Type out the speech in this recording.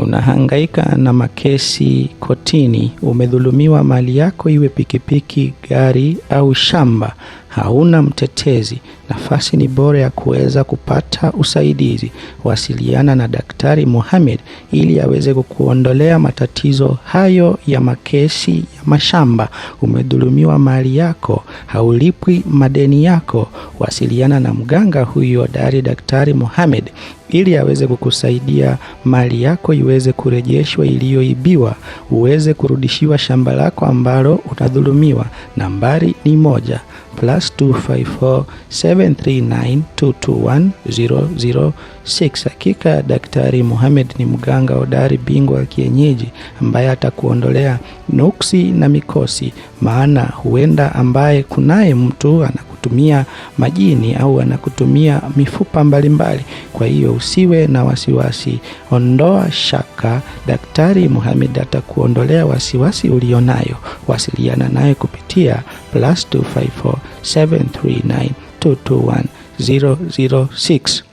unahangaika na makesi kotini, umedhulumiwa mali yako, iwe pikipiki, gari au shamba, hauna mtetezi, nafasi ni bora ya kuweza kupata usaidizi, wasiliana na Daktari Mohamed ili aweze kukuondolea matatizo hayo ya makesi ya mashamba. Umedhulumiwa mali yako, haulipwi madeni yako, wasiliana na mganga huyu hodari Daktari Mohamed ili aweze kukusaidia mali yako iweze kurejeshwa iliyoibiwa, uweze kurudishiwa shamba lako ambalo utadhulumiwa. Nambari ni moja plus 254739221006. Hakika Daktari Mohamed ni mganga hodari bingwa wa kienyeji ambaye atakuondolea nuksi na mikosi, maana huenda ambaye kunaye mtu ana anakutumia majini au anakutumia mifupa mbalimbali. Kwa hiyo usiwe na wasiwasi, ondoa shaka. Daktari Mohamed atakuondolea wasiwasi ulionayo. Wasiliana naye kupitia plus 006